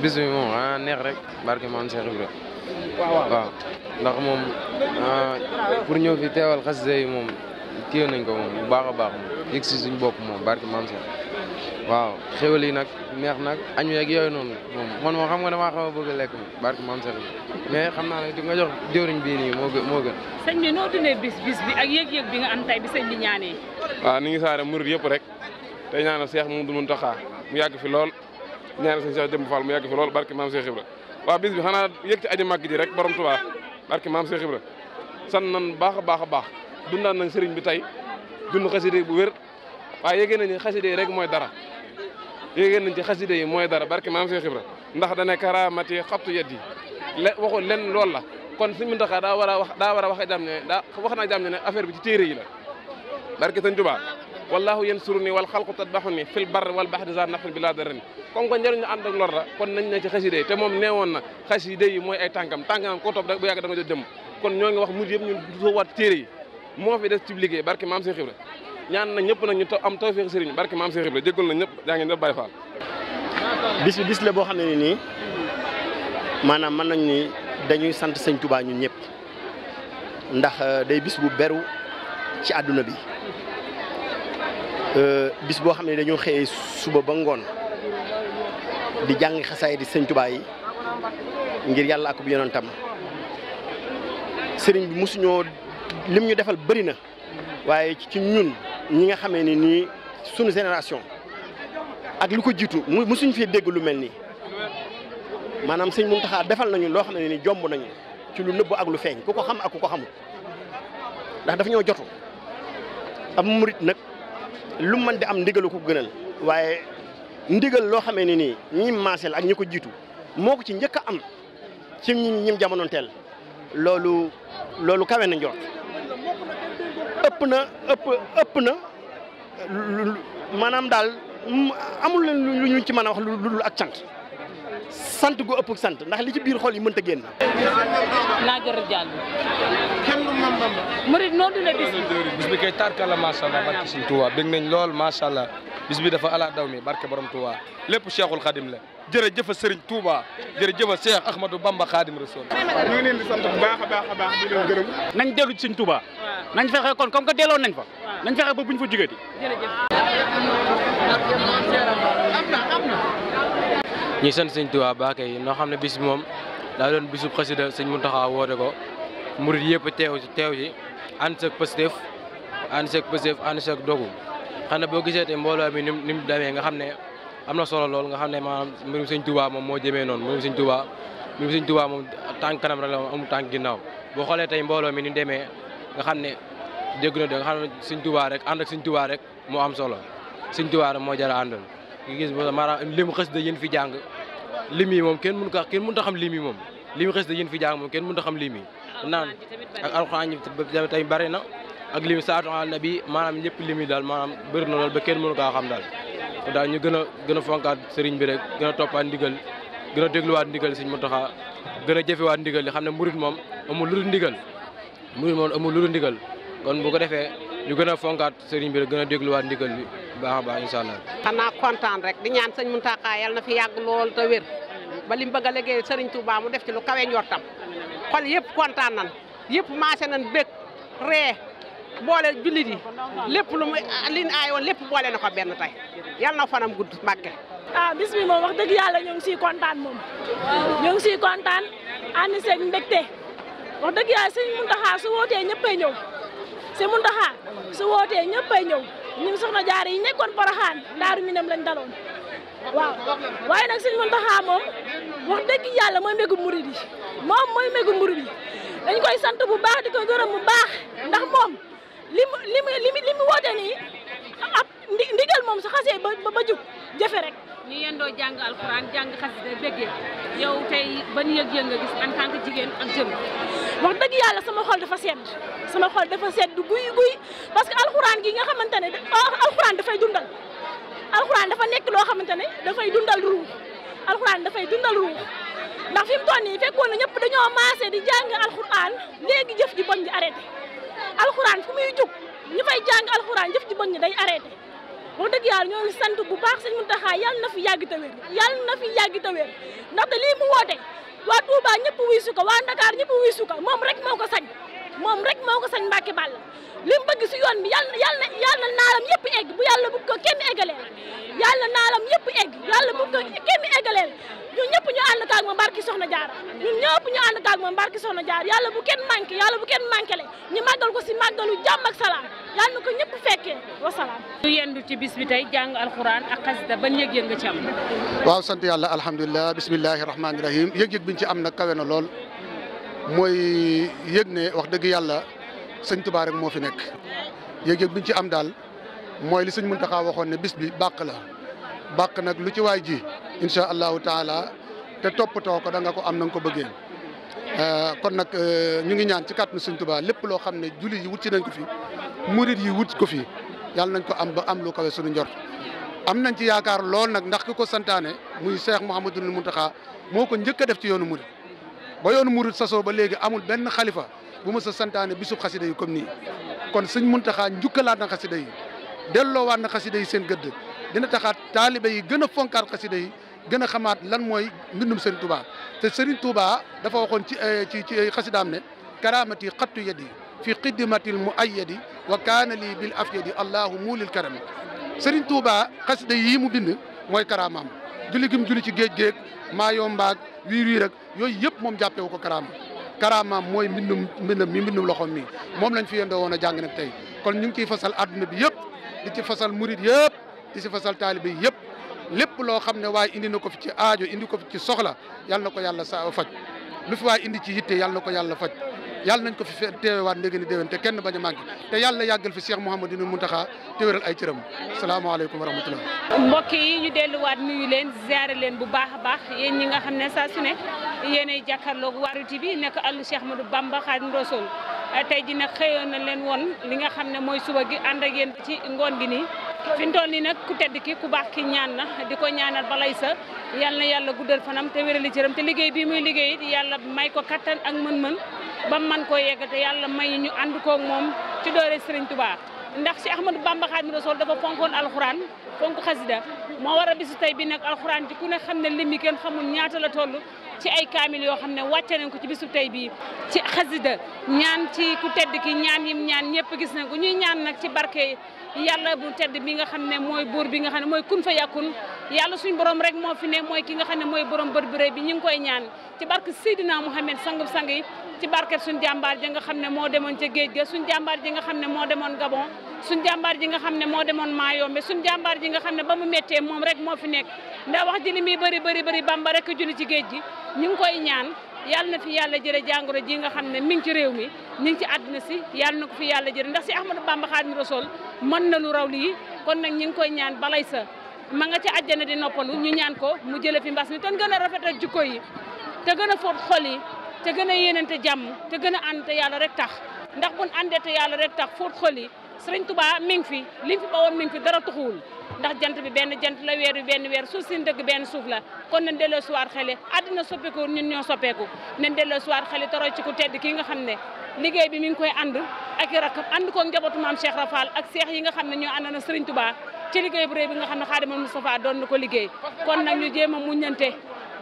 bis bi moom a ah, neex rek barke maam Cheikh Ibra waaw ndax moom ah, pour ñëw fi teewal xasida yi moom téye nañ ko moom bu baax a baax moom yëg si suñ bopp moom barke maam Cheikh waaw xéwal yi nag neex nag añ yeeg yooyu noonu moom man moom xam nga damaa xaw a bëgg lekk moom barke maam Cheikh Ibra xam naa ne di nga jox jëwriñ bii nii moo gën moo gën. sëñ bi noo dundee bis bis bi ak yëg-yëg bi nga am bi sëñ bi ñaanee. waaw ni ngi saare murid yëpp rek te ñaanal seex Moudou Mountakha mu yàgg fi lool. ñaanal sëñ Cheikh Jëmb Fall mu yàgg fi lool barke maam Cheikh Ibra waaw bis bi rek borom Tuubaa barke maam Cheikh Ibra san nan baax a baax a baax dundaan nañ sëriñ bi tey dund xaside bu wér waaye yégée ni xaside yi rek mooy dara yégée nañ ci xaside yi mooy dara barke maam Cheikh Ibra ndax dane karamati xabtu yet yi le waxul len loolu la kon suñu muntaxaa daa war a wax daa war wax a ne daa wax naa jàmm ne affaire bi ci téere yi la barke sëñ Tuubaa wallahu yansuru ni wal xalqu tadbaxu ni fil barri wal baxri za nafin bi laa darin comme que njëriñu ànd ak lor la kon nañ ne ci xasida yi te moom nee woon na xasida yi mooy ay tànkam tànkam ko topp bu yàgg da jot dem kon ñoo ngi wax mujj yëpp ñun soowaat téere yi moo fi des ci liggéey barke maam Cheikh Ibra na ñëpp nag ñu am tawfeex sëriñ barke maam Cheikh Ibra jégal bis bi bis la boo xam ne nii maanaam man nañ ni dañuy sant sëñ Touba ñun ñëpp ndax euh, day bis bu beru ci àdduna bi euh, bis boo xam ne dañoo xëyee suba ba ngoon di jàng xasaay di sëñ Tuubaa yi ngir yàlla ak bu yonentam sëriñ bi mosuñoo lim ñu defal bëri na waaye ci ñun ñi nga xamee ni nii sunu génération ak lu ko jiitu mosuñ fi dégg lu mel nii maanaam sëñ Muntaxa defal nañu loo xam ne ni jomb nañu ci lu nëbb ak lu feeñ ku ko xam ak ku ko xamul ndax dafa ñoo jotu am murit nag lu mën di am ndigalu ko gënal waaye ndigal loo xamee ni nii ñi maasel ak ñu ko jiitu moo ko ci njëkk am ci ñim jamonoon teel loolu loolu kawe na njort ëpp na ëpp na maanaam daal amul leen lu ñu ci mën a wax lu dul ak cant sant gu ëpp sant ndax li ci biir xol yi mënta génn. naa jërër jàll. kenn du mam mam. Murid noo dundee bis bi. bis bi kay tarkala macha allah barki Sëriñ Tuubaa nañ lool macha allah. bis bi dafa ala daw mi barke borom Touba lépp Cheikhul Khadim la jërëjëf Serigne Touba jërëjëf Cheikh Ahmadou Bamba Khadim Rasoul. nañ dellu ci tuba Touba. nañ fexe kon comme que delloo nañ fa. nañ fexe ba buñ fa jugati. jërëjëf. am na am na. ñu noo xam ne bis moom daa doon bisub xasida Serigne Mountakha woote ko murid yëpp teew ci teew ci ànd seeg Pastef ànd seeg Pastef ànd dogu xanaa boo gisee te mbooloo mi ni demee nga xam ne am na solo lool nga xam ne maanaam mbirum sëñ Touba moom moo jëmee noon mbirum sëñ Touba mbirum sëñ Touba moom tànk kanam rek la moom amul tànk ginnaaw boo xoolee tey mbooloo mi ni demee nga xam ne dégg na de nga xam ne sëñ Touba rek ànd ak sëñ Touba rek moo am solo sëñ Touba rek moo jar a àndal nga gis maanaam lim xës da yéen fi jàng lim yi moom kenn mënu ko kenn mënu ta xam lim yi moom lim xës da yéen fi jàng moom kenn mënu ta xam lim yi naan ak alxuraan yi na ak li mu saatu bi maanaam lépp li muy daal maanaam bëri na lool ba kenn mënu kaa xam daal daal ñu gën a gën fonkaat sëriñ bi rek gën a toppaat ndigal gën a dégluwaat ndigal sëñ Muntaxa gën a jëfewaat ndigal li xam ne murit moom amul lu dul ndigal murit moom lu dul ndigal kon bu ko defee ñu gën fonkaat sëriñ bi rek gën a dégluwaat ndigal bi baax a baax incha allah. xanaa kontaan rek di ñaan sëñ Muntaxa yal na fi yàgg lool te wér ba li mu bëgg a liggéey sëriñ Touba mu def ci lu kawe njortam xol yëpp kontaan nan yëpp maase nan bég boole jullit yi lépp lu muy li ñu lépp boole na ko benn tey yal na fanam gudd Mbàkke. ah bis bi moom wax dëgg yàlla ñoo si kontaan moom ñoo ngi siy kontaan ànd seeg mbégte wax dëgg yàlla sëñ Muntaxa su wootee ñëppay ñëw sëñ Muntaxa su wootee ñëppay ñëw ñun soxna jaar yi nekkoon Poroxaan daaru minam lañ daloon waaw waaye nag sëñ Muntaxa moom wax dëgg yàlla mooy mbégu murid yi moom mooy mbégu murid yi dañ koy sant bu baax di ko gërëm bu ndax moom. li mu li mu li mu woote nii ab ndigal moom su xasee ba ba jub jëfe rek. ñu yendoo jàng alxuraan jàng xasida bëggee yow tey ban yëg-yëg nga gis en tant que jigéen ak jëm. wax dëgg yàlla sama xol dafa sedd sama xol dafa sedd guy guy parce que alxuraan gi nga xamante ne ah, alxuraan dafay dundal alxuraan dafa nekk loo xamante ne dafay dundal ruux alxuraan dafay dundal ruux ndax fi mu toll nii fekkoon na ñëpp dañoo maase di jàng alxuraan léegi jëf ji boñ di arrêté. alxuraan fu muy jug ñu fay jàng alxuraan jëf ji bon ñi day arrêté wax dëgg yàlla ñoo sant bu baax sëñ Muntaxa yàlla na fi yàgg te wér yàlla na fi yàgg te wér ndaxte lii mu woote waa Touba ñëpp wuy su ko waa Ndakaar ñëpp wuy su moom rek moo ko sañ moom rek moo ko sañ Mbàkke Bàll li mu si yoon bi yàlla yàlla yàlla naalam yëpp egg bu yàlla bu ko kenn eggaleel yàlla naalam yëpp egg yàlla bu ko kenn eggaleel ñun ñëpp ñu ànd kaag moom barki soxna jaar ñun ñëpp ñu ànd kaag moom barki soxna jaar yàlla bu kenn manqué yàlla bu kenn manqué le ñu màggal ko si màggalu jàmm ak salaam na ko ñëpp fekkee wasalaam ñu yendu ci bis bi tey jàng alxuraan ak xasida ban yëg-yëg nga ci am waaw sant na lool mooy yëg ne wax dëgg yàlla sëñ Tuubaa rek moo fi nekk yëg-yëg bi ci am daal mooy li sëñ mun taxa waxoon ne bis bi bàq la bàq nag lu ci waay ji incha allahu taala te toppatoo ko da nga ko am na nga ko bëggee euh, kon nag euh, ñu ngi ñaan ci kàttanu sëñ Tuubaa lépp loo xam ne jullit yi wut ci nañ ko fi murit yi wut ko fi yàlla nañ ko am ba am lu kawe suñu njort am nañ ci yaakaar lool nag ndax ki ko santaane muy Cheikh Mouhamadoul Mountakha moo ko njëkk def ci yoonu murit ba yoonu murit sasoo ba léegi amul benn xalifa bu ma sa santaane bisub xasida yi comme nii kon sëñ Muntaxa njukkalaat na xasida yi delloowaat na xasida yi seen gëdd dina taxaat taalibe yi gën a fonkaat xasida yi gën a xamaat lan mooy mbindum Sëriñ Touba te Sëriñ Touba dafa waxoon ci eh, ci ci eh, xasidaam ne karamati xattu yadi fi ay muayyadi wa kaana lii bil afyadi allahu muulil karam Sëriñ Touba xasida yi mu bind mooy karaamaam julli gim julli ci géej géej maa yombaag wii wii rek yooyu yëpp moom jàppewu ko karaama karaamaam mooy mbindum mbindum mi mbindum loxoom mi moom lañ fi yendoo woon a jàng nag tey kon ñu ngi ciy fasal adduna bi yëpp di ci fasal murit yëpp di ci fasal taalibe yëpp lépp loo xam ne waaye indi na ko fi ci aajo indi ko fi ci soxla yàlla na ko yàlla sa faj lu fi waaye indi ci yitte yàlla na ko yàlla faj yàlla nañ ko fi teewewaat ndéegi ni déwén te kenn bañ a manqué te yàlla yàggal fi Cheikh Mouhamadou Mountakha te wéral ay cëram salaamaaleykum wa rahmatullah mbokk yi ñu delluwaat nuyu leen ziare leen bu baax a baax yéen ñi nga xam ne saa su ne yéenay jàkkaarloog Waarwi TV nekk àllu Cheikh Ahmadou Bamba Xaadimu Rasuul tey ji nag xëyoon na leen woon li nga xam ne mooy suba gi ànd ak yéen ci ngoon gi nii fi mu toll nii nag ku tedd ki ku baax ki ñaan na di ko ñaanal balay sa yàlla na yàlla guddal fanam te wérali cëram te liggéey bi muy liggéey it yàlla may ko kattan ak mën-mën ba man ko yeggate yàlla may ñu ànd koog moom ci doore Serigne Touba ndax Cheikh Ahmadou Bamba Xaadimu Rasuul dafa fonkoon alxuraan fonk xasida moo war a bisu tey bi nag alxuraan ci ku ne xam ne lim yi kenn xamul ñaata la toll ci ay kaamil yoo xam ne wàcce nañ ko ci bisu tey bii ci xasida ñaan ci ku tedd ki ñaan yim ñaan ñëpp gis nañ ko ñuy ñaan nag ci barke yàlla bu tedd bi nga xam ne mooy buur bi nga xam ne mooy kun fa yàkkun yàlla suñu borom rek moo fi ne mooy ki nga xam ne mooy borom bët bu bi ñu ngi koy ñaan ci barke Seydina Mouhamed sangub sang yi ci barke suñu jàmbaar ji nga xam ne moo demoon ca géej ga suñ jàmbaar ji nga xam ne moo demoon Gabon suñu jàmbaar ji nga xam ne moo demoon Maayombe suñu jàmbaar ji nga xam ne ba mu méttee moom rek moo fi nekk ndaa wax ji li muy bëri bëri bëri Bamba rek julli ci géej gi ñu ngi koy ñaan yàlla na fi yàlla jële jàngoro ji nga xam ne mi ngi ci réew mi ñu ngi ci àdduna si yàlla na ko fi yàlla jële ndax si Ahmadou Bamba Xaadimu Rasuul mën na lu raw lii kon nag ñu ngi koy ñaan balay sa ma nga ci àjjana di noppalu ñu ñaan ko mu jële fi mbas mi te gën a rafetal jikko yi te gën a fóot xol yi te gën a te jàmm te gën a ànd te yàlla rek tax ndax buñ àndee te yàlla rek tax fóot xol yi sëriñ Tuubaa mi ngi fi li fi ba mi ngi fi dara tuxuwul ndax jant bi benn jant la weer bi benn weer suuf sin dëgg benn suuf la kon nañ delloo suwaar xele àddina soppeeku ñun ñoo soppeeku nañ delloo suwaar xele toroy ci ku tedd kii nga xam ne liggéey bi mi ngi koy ànd ak i rakkam ànd ko njabootu maam Cheikh Rafal ak seex yi nga xam ne ñoo àndoon na sëriñ Tuubaa ci liggéey bu rëy bi nga xam ne Xaadimal Moustapha doon na ko liggéey kon nag ñu jéem a muññante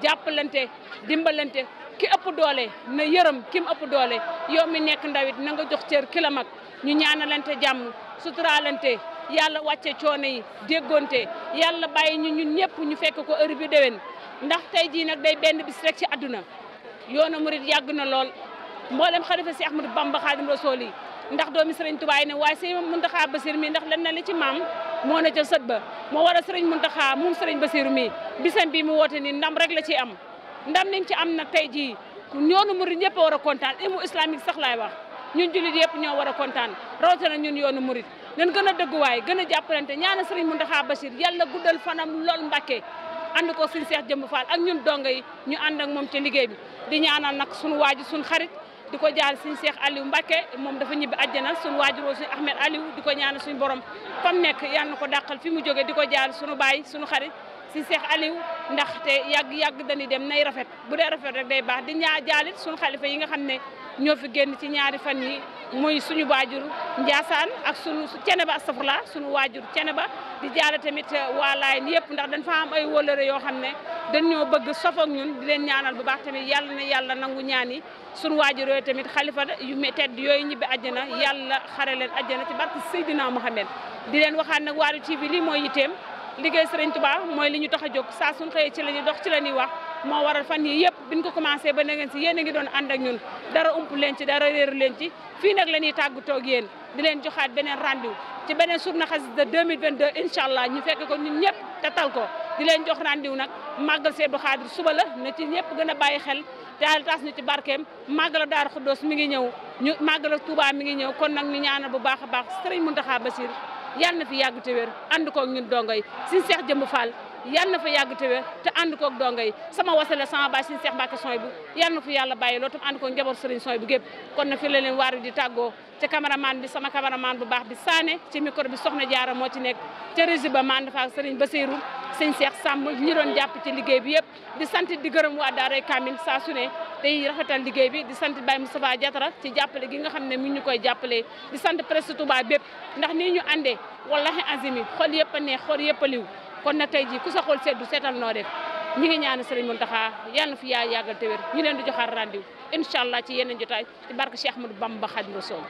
jàppalante dimbalante ki ëpp doole na yërëm ki mu ëpp doole yow mi nekk ndawit na nga jox cer ki mag ñu ñaanalante jàmm suturaalante yàlla wàcce coono yi déggoonte yàlla bàyyi ñu ñun ñëpp ñu fekk ko heure bi déwén ndax tey jii nag day benn bis rek ci àdduna yoonu murit yàgg na lool mboolem xalifa si Ahmadu Bamba Xaadim Rasuul yi ndax doomi Sëriñ Tuubaa ne waaye Sëriñ Muntaxa Basiir mi ndax lan na li ci maam moo ne ca sët ba moo war a sëriñ Muntaxa moom sëriñ Basiru mi bisam bi mu woote ni ndam rek la ci am ndam niñ ci am na tey jii ñoonu murid ñëpp war a kontaan imu islamique sax laay wax ñun jullit yëpp ñoo war a kontaan rawatina ñun yoonu murid nan gën a dëgguwaay gën a jàppalante ñaana sëriñ Muntaxa Bachir yàlla guddal fanam lool Mbàkke ànd ko suñ seex jëmb faal ak ñun donga yi ñu ànd ak moom ci liggéey bi di ñaanal nag suñu waaji suñ xarit di ko jaal suñu Cheikh Aliou Mbacke moom dafa ñibbi àjjana suñu waajuroo suñu Ahmed Aliou di ko ñaana suñu borom fam nekk yal na ko dàqal fi mu jóge di ko jaal suñu baay suñu xarit si Cheikh ndax te yàgg-yàgg dañuy dem nay rafet bu dee rafet rek day baax di ñaa jaalit suñu xalifa yi nga xam ne ñoo fi génn ci ñaari fan yi muy suñu waajur Ndiassane ak suñu Ceneba astafurla suñu waajur Ceneba di jaale tamit uh, waa Laayeen yëpp ndax dañ fa am ay wóllëre yoo xam ne dañ ñoo bëgg sof ñun di leen ñaanal ba baax tamit yàlla na yàlla nangu ñaan yi suñu waajur yooyu tamit xalifa yu tedd yooyu ñibbi àjjana yàlla xare leen àjjana ci barke Seydina Mohamed di leen waxaat nag Waarwi TV lii mooy yitteem liggéey Serigne Touba mooy li ñu tax a jóg saa suñ xëyee ci la ñuy dox ci la ñuy wax moo waral fan yi yëpp bi biñ ko commencé ba na ngeen si yéen ngi doon ànd ak ñun dara ump leen ci dara réer leen ci fii nag la ñuy tàggatoo ak yéen di leen joxaat beneen rendez-vous ci beneen na Sourna Xasida 2022 incha allah ñu fekk ko ñun ñëpp te ko di leen jox rendez-vous nag màggal Sëñ Abdou Khadre suba la na ci ñëpp gën a bàyyi xel daal taas ñu ci barkeem màggala Daaru Xuddoos mi ngi ñëw ñu màggala Touba mi ngi ñëw kon nag ñu ñaanal bu baax a baax Sëriñ Mountakha Bassir yàlla na fi yàgg te wér ànd koog ñun dongoy suñu seex jëmb Fall yal na fa yàgg te wér te ànd koog donga yi sama wasale sama baay suñu Seex Mbàkke Sooy bu yal na fu yàlla bàyyi loolu tam ànd koog njaboot sëriñ Sooy bu gépp kon na fi la leen waar di tàggoo ci cameraman bi sama cameraman bu baax bi Sané ci micro bi soxna Jaara moo ci nekk ca régie ba mand faak sëriñ Basiru sëñ Seex Sàmm ñi doon jàpp ci liggéey bi yëpp di sant di gërëm waa daaray Kamil saa su ne day rafetal liggéey bi di sant Baye Moustapha Diatara ci jàppale gi nga xam ne mu ñu koy jàppale di sant presse Touba ndax nii ñu àndee wallahi azimi xol yëpp a neex xol yëpp a liw kon na tey jii ku sa xol seddu setal noo def ñi ngi ñaan sëriñ Mountakha yàlla na fi yaa yàggal te wér ñu leen di joxaat rendez-vous incha allah ci yeneen jotaay ci barke Cheikh Ahmadou Bamba Khadimou Rassoul